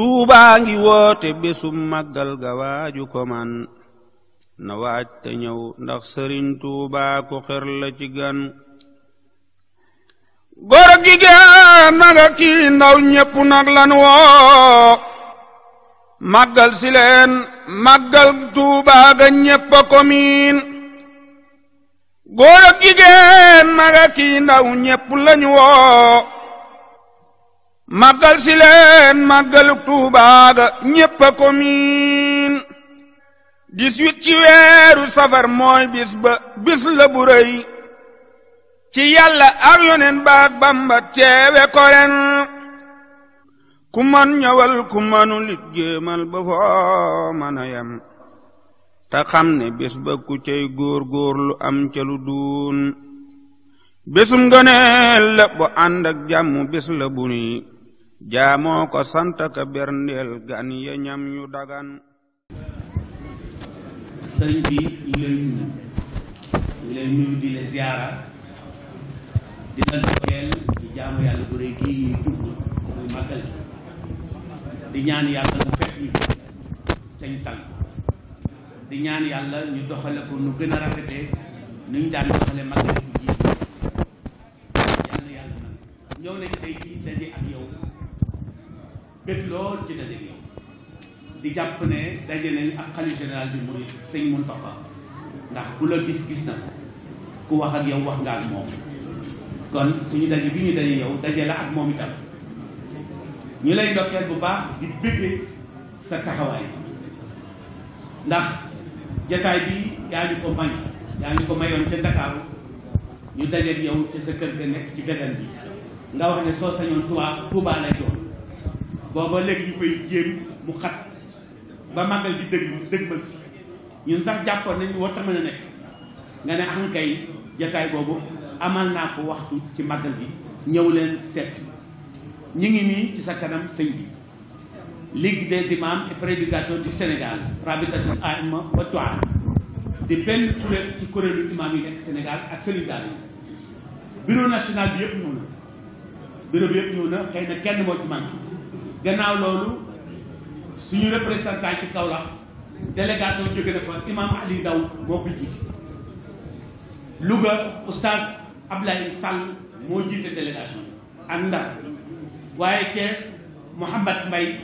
tuubaa ngi woote bésum màggal ga waaju ko man na waaj te ndax sëriñ tuubaa ku ci gan góor gi gaan nanga kii ndaw nag lan woo màggal si leen màggal tuubaa ko miin góor gi gaan nanga kii ndaw ñépp woo màggal si leen màggaluk Tuubaa ñépp a ko miin dix-huit ci weeru safar mooy bis ba bis ci yàlla ak yoneen baak Bàmba teewe ko ren ku man ñëwal ku manu lit ba foo mën a yem ne bis ku cay góor-góorlu am ca duun bésum ngëneel la bu ànd ak jàmm bés jaamoo ko sant ka berndeel gan ya yu dagan sëriñ bi ñu lay nuyu ñu lay nuyu di la ziyaara di ci jaamu yàlla bu ñuy jublu muy màggal di ñaan yàlla mu fekk ñu fi teñ tànk di ñaan yàlla ñu doxale ko nu gën a rafetee nu ñu daan doxale màggal bu jiitu yàlla yàlla nag ñëw nañ tey jii bëgg lool ci daje gi di jàpp ne daje nañ ak xalif général di muy sëñ Mountakha ndax ku la gis gis na ko ku wax ak yow wax nga ak moom kon suñu daje bi ñu daje yow daje la ak moom itam ñu lay ndokkeel bu baax di bëggee sa taxawaay ndax jataay bi yaa ñu ko may yaa ñu ko mayoon ca Ndakaaru ñu dajeeg yow sa kër ga nekk ci began bi nga wax ne soo sañoon Tuubaa Tuubaa lay booba léegi ñu koy jéem mu xat ba màggal di dëgg dëgmal si ñun sax jàppoon nañ warta mën a nekk nga ne ankay jataay boobu amal naa ko waxtu ci màggal gi ñëw leen seet ñu ngi nii ci sa kanam sëñ bi Ligue des imams et prédicateurs du Sénégal rabitatul aima wa toa di benn kuréel ci kuréelu imam yi nekk Sénégal ak sëriñ bureau national bi yëpp ñëw na bureau bi yëpp ñëw na xëy na kenn moo ci manqué gannaaw loolu suñu représentant ci Kaolack délégation jóge na fa imam Ali Ndaw moo ko jiite Louga oustaz Ablaye Sall moo jiite délégation bi ak Ndar waaye Thiès Mouhamad Mbaye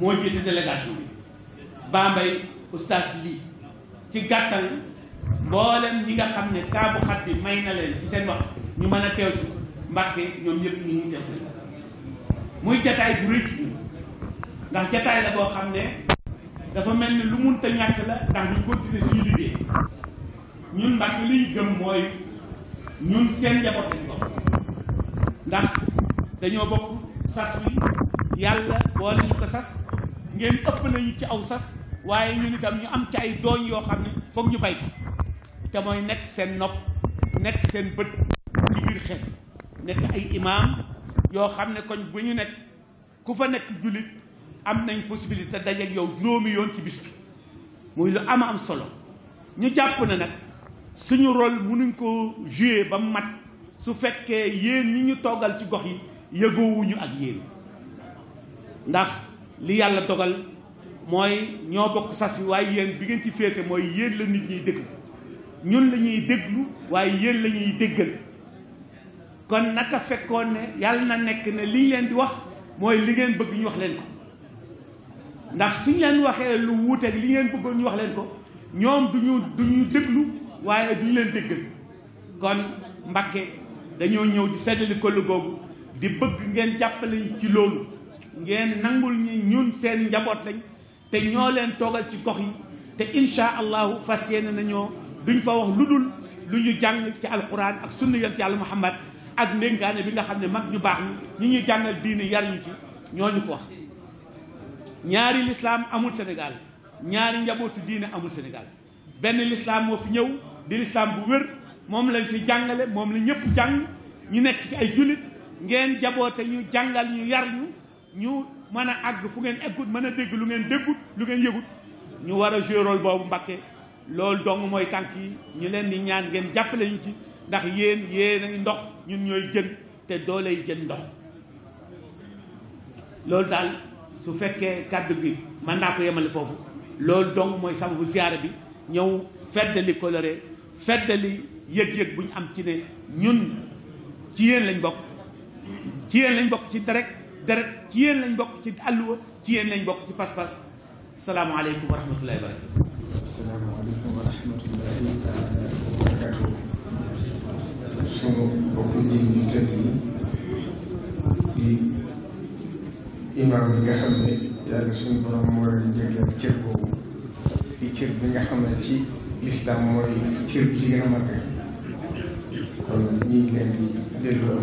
moo jiite délégation bi Bambey oustaz lii ci gàttal mboolem ñi nga xam ne taabu xat bi may na leen ci seen wax ñu mën a teew si Mbàkke ñoom ñëpp ñu ngi teew si muy jataay bu rëcc ndax jataay la boo xam ne dafa mel ni lu munta ñàkk la ndax ñu continuer suñu liggéey ñun Mbàkke li gëm mooy ñun seen njaboot lañ bokk ndax dañoo bokk sas wi yàlla boole ñu ko sas ngeen ëpp nañu ci aw sas waaye ñun itam ñu am ci ay dooñ yoo xam ne foog ñu bay ko te mooy nekk seen nopp nekk seen bët ci biir xel nekk ay imaam yoo xam ne koñ bu ñu nekk ku fa nekk jullit am nañ possibilité dajeek yow juróomi yoon ci bis bi muy lu ama am solo ñu jàpp ne nag suñu rôle nuñ ko jouer ba mat su fekkee yéen ñu ñu toogal ci gox yi yëgoowuñu ak yéen ndax li yàlla dogal mooy ñoo bokk sas bi waaye yéen bi ngeen ci féete mooy yéen la nit ñiy déglu ñun lañuy déglu waaye yéen lañuy ñuy déggal kon naka fekkoon ne yàlla na nekk ne li ñu leen di wax mooy li ngeen bëgg ñu wax leen ko ndax suñ leen waxee lu wuuteeg li ngeen bëggoon ñu wax leen ko ñoom du ñu duñu déglu waaye duñu leen déggal kon Mbàkke dañoo ñëw di feddali ko lu googu di bëgg ngeen jàppale ci loolu ngeen nangul ñi ñun seen njaboot lañ te ñoo leen toogal ci gox yi te insha allahu fas yéene nañoo ñu fa wax lu dul lu ñu jàng ci alquran ak sunna yonent yàlla muhammad ak ndénkaane bi nga xam ne mag ñu baax ñi ñi ñuy jàngal diine yar ñu ci ñooñu ko wax ñaari lislaam amul Sénégal ñaari njabootu diine amul Sénégal benn lislaam moo fi ñëw di lislaam bu wér moom lañ fi jàngale moom la ñëpp jàng ñu nekk ci ay jullit ngeen jaboote ñu jàngal ñu yar ñu ñu mën a àgg fu ngeen eggut mën a dégg lu ngeen déggut lu ngeen yëgut ñu war a jouer rôle boobu Mbàkke loolu dong mooy tànk yi ñu leen di ñaan ngeen jàppale ñu ci ndax yéen yéenay ndox ñun ñooy jën te dooley jën ndox loolu daal su fekkee kàddu gi mën naa ko yemale foofu loolu dong mooy sababu ziyaara bi ñëw feddali coloré feddali yëg-yëg bu ñu am ci ne ñun ci yéen lañ bokk ci yéen lañ bokk ci deret deret ci yéen lañ bokk ci àlluwa ci yéen lañ bokk ci pas-pas salaamualeykum wa rahmatullahi suñu bokk jiw ñu tëdd yi di imaam yi nga xam ne yàlla suñu borom moo leen cër boobu di cër bi nga xam ne ci lislaam mooy cër bi ci gën a mag kon ñu leen di delloo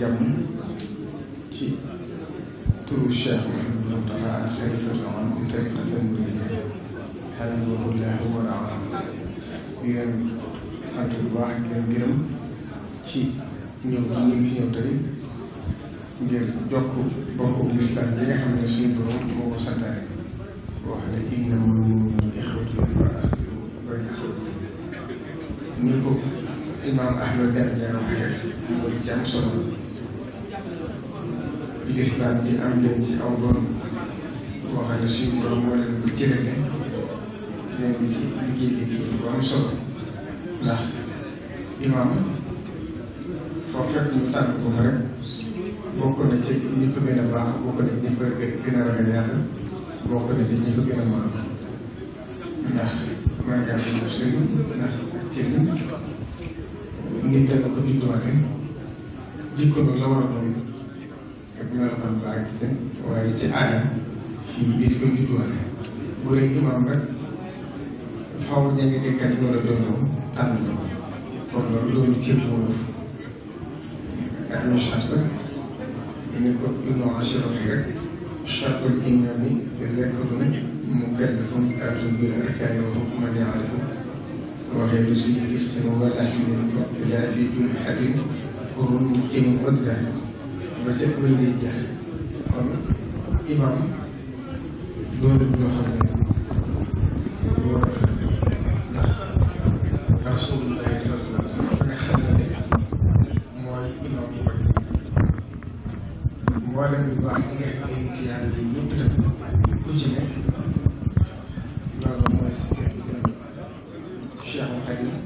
jàmm ci turu Cheikh Mouhamadou Mountakha am di tariqatal muridiyya hafizahullaahu wa ra'ah di leen sant baax di leen ci ñëw bi ngeen fi ñëw tey ngeen jokk bokku lislaam bi nga xam ne suñu borom moo ko santaane wax ne innamal mu'minuuna ixwatun fa aslihu bayna axawaykum ni ko imaam Ahmad Daara waxee mooy solo lislaam ji am leen ci aw doon boo xam ne suñu borom moo leen ko cërale leen di ci liggéey liggéey bu am solo ndax imaam foo fekk ñu tànn ko fa rek bokk na ci ñi ko gën a baax bokk na ci ñi ko gën a ragal yàlla bokk na ci ñi ko gën a maam ndax man ngaa fi mu sëriñ ndax ak cëriñ nit dana ko judduwaale jikko a doon ñoo tax ba àgg te waaye ci aada fii gis ko judduwaale bu dee imaam rek faaw ñenn dëkkat yi wala doonoo tànn ko kon loolu loolu cër moo def ndax ñu charte ni ko Ibnu Ashir waxee rek charte imaam yi lekk lu ne mu kallafun arzu bi arkaani wa hukman yaarifu waxee lu si gis te mu wala xam ne ko te daa fi jum xadim pour mu xim odda ba ca bëy dee jeex kon imam doonu bi nga ne mooy imam bu mag baax ñi nga xam ne ci yàlla yi ñëpp tam ku ci ne loolu mooy sa bi gën Cheikhul Khadim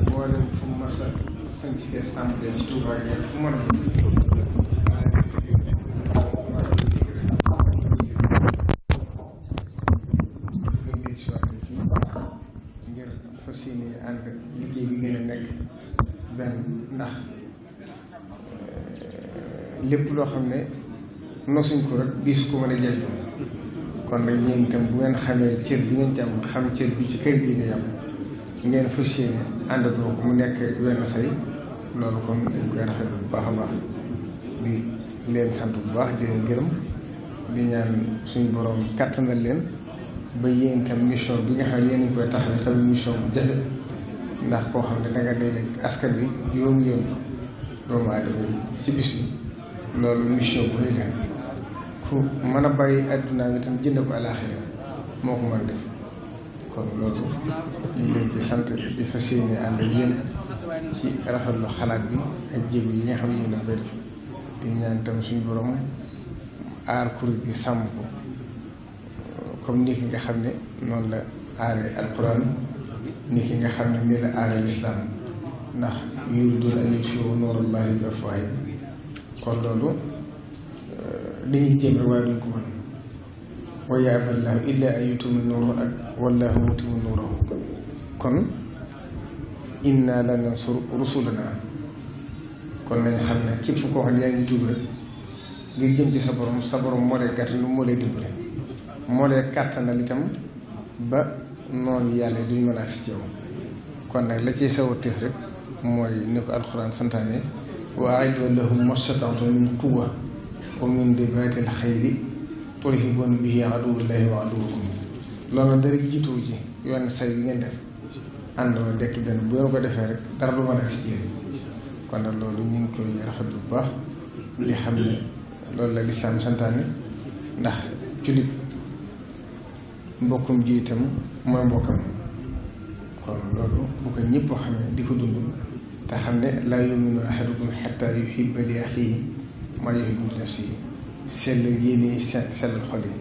mboolem fu mu mas a sanc kër tàmbalee ci Touba fu mu mën fas yéene ànd liggéey bi gën a nekk benn ndax euh, lépp loo xam ne nosuñ ko rek diis ko mën a jël kon nag yéen itam bu ngeen xamee cër bi ngeen ci xam cër bi ci kër gi ne yam ngeen fas yéene àndandoo ko mu nekk wenn say loolu kon dañ koy rafet bu baax a baax di leen sant bu baax di leen gërëm di ñaan suñu borom kàttanal leen ba yéen itam mission bi nga xam ne yéen a ngi koy tamit mission bu jafe ndax koo xam ne danga dee askan bi juróomi yoon doomu aadama yi ci bis bi loolu mission bu rëy la ku mën a bàyyi àddunaa bi tam jënd ko àllaaxira moo ko mën def kon loolu ñu leen ci sant di fas yéene ànd ak yéen ci rafetlu xalaat bi ak jéego yi nga xam ne yéen def di ñaan tam suñu borom aar kuréel gi sàmm ko. comme ni ki nga xam ne noonu la aare alquran ni ki nga xam ne nii la aare lislaam ndax yuriduna an yutfiu nuurallahi bi afwaahihim kon loolu euh, dañuy jéem rek waaye duñ ko mën wa yaaba llaahu illaa an yutimma nuurahu ak wallaahu mutimmu nuurahu kon inna la nansuru rusulanaa kon nañ xam ne képp ko xam yaa ngi jub rek ngir jëm ci sa borom sa borom moo lay gàtt lu moo lay dimbale moo lay kàttanal itam ba noonu yàlla duñ mën a si ci kon nag la ciy sawar téef rek mooy ni ko alxuraan santaane wa a'iddu lahum mastata'tum min quwwa wa min ribaati alxayri turhibuuna bihi aduwwallahi wa aduwwakum loolu dara jiituwu ci yoon say yi ngeen def ànd la dekk benn bu yoon ko defee rek dara du mën a si jéem kon nag loolu ñu ngi koy rafetlu bu baax li xam ne loolu la lislaam santaane ndax jullit mbokkum ji itam mbokkam kon loolu bu ko ñëpp ne di ko dund te xam ne laa yuminu ahadukum xatta yuhibba li axihi maa yuhibbu li nafsihi sell yéene sellal xol yi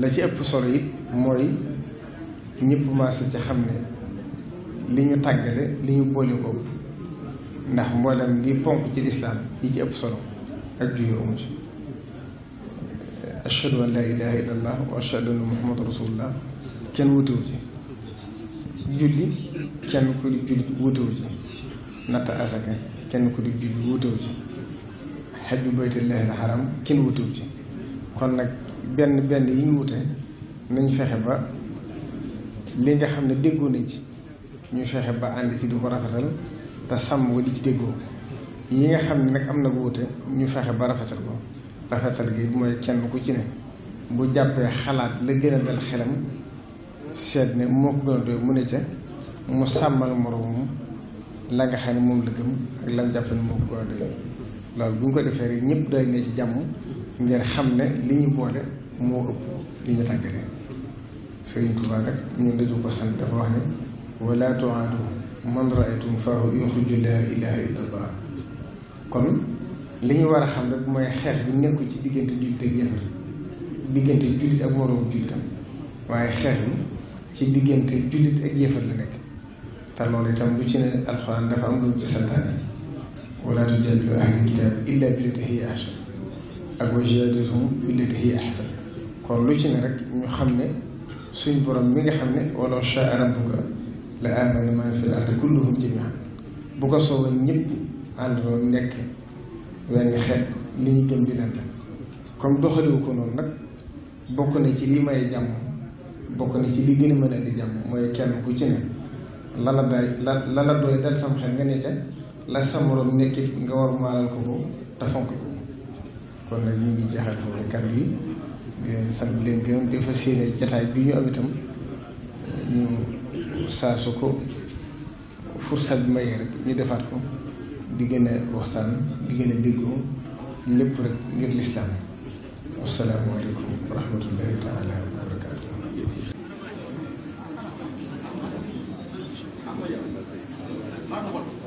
la ci ëpp solo it mooy ñëpp maase ci xam ne li ñu tàggale li ñu boole ko ëpp ndax mboolem li ponk ci lislaam yi ci ëpp solo ak juyoo amu ashhadu an laa ilaha illa allah wa ashhadu anna muhammadu rasulullah kenn wutewu ci julli kenn ku di julli wutewu ci natt asaka kenn ku di julli wutewu ci xajju baytullahi al haram kenn wutewu ci kon nag benn benn yi ñu wute nañ fexe ba li nga xam ne déggoo nañ ci ñu fexe ba ànd ci di ko rafetal te sàmm ko di ci déggoo yi nga xam ne nag am na wuute ñu fexe ba rafetal ko rafetal gi mooy kenn ku ci ne bu jàppee xalaat la gën a dal xelam seet ne moo ko gën a doy mu ne ca mu sàmmal moroomam la nga xam ne moom la gëm ak lam jàpp moo ko gën a doy loolu bu ñu ko defee rek ñëpp day ne ci jàmm ngir xam ne li ñu boole moo ëpp li ñu tàggale Sëriñ Tuubaa nag ñun dañu ko sant dafa wax ne wala tuaadu man raaytum faahu yuxriju laa ilaha illa allah kon li ñu war a xam rek mooy xeex bi nekkul ci diggante jullit ak yéefar diggante jullit ak waroobu jullitam waaye xeex bi ci diggante jullit ak yéefar la nekk te loolu itam lu ci ne alxuraan dafa am lu ci santaane wala tujaadilu ahlal kitaab illa billati hiya ahsan ak wa jaadilhum billati hiya ahsan kon lu ci ne rek ñu xam ne suñ borom mi nga xam ne walaw shaa rabbuka la aamana man fil ardi kulluhum ko soobee ñëpp ànd loolu nekk wenn xeet li ñu gëm di leen doxaliwu ko noonu nag bokk na ci li may jàmm bokk na ci li gën a mën a di jàmm mooy kenn ku ci ne lala day la lala doy dal sam xel nga ne ca la sa morom nekkit nga war maalal ko ko te fonk ko kon nag ñu ngi jeexal foofu kàddu yi di leen sant di leen gërëm te jataay bi ñu am itam ñu saasu ko fursa bi ma rek ñu defaat ko di gën a waxtaan di gën a déggoo lépp rek ngir lislaam wasalaamualeykum wa rahmatullahi taala wa barakaatu Thank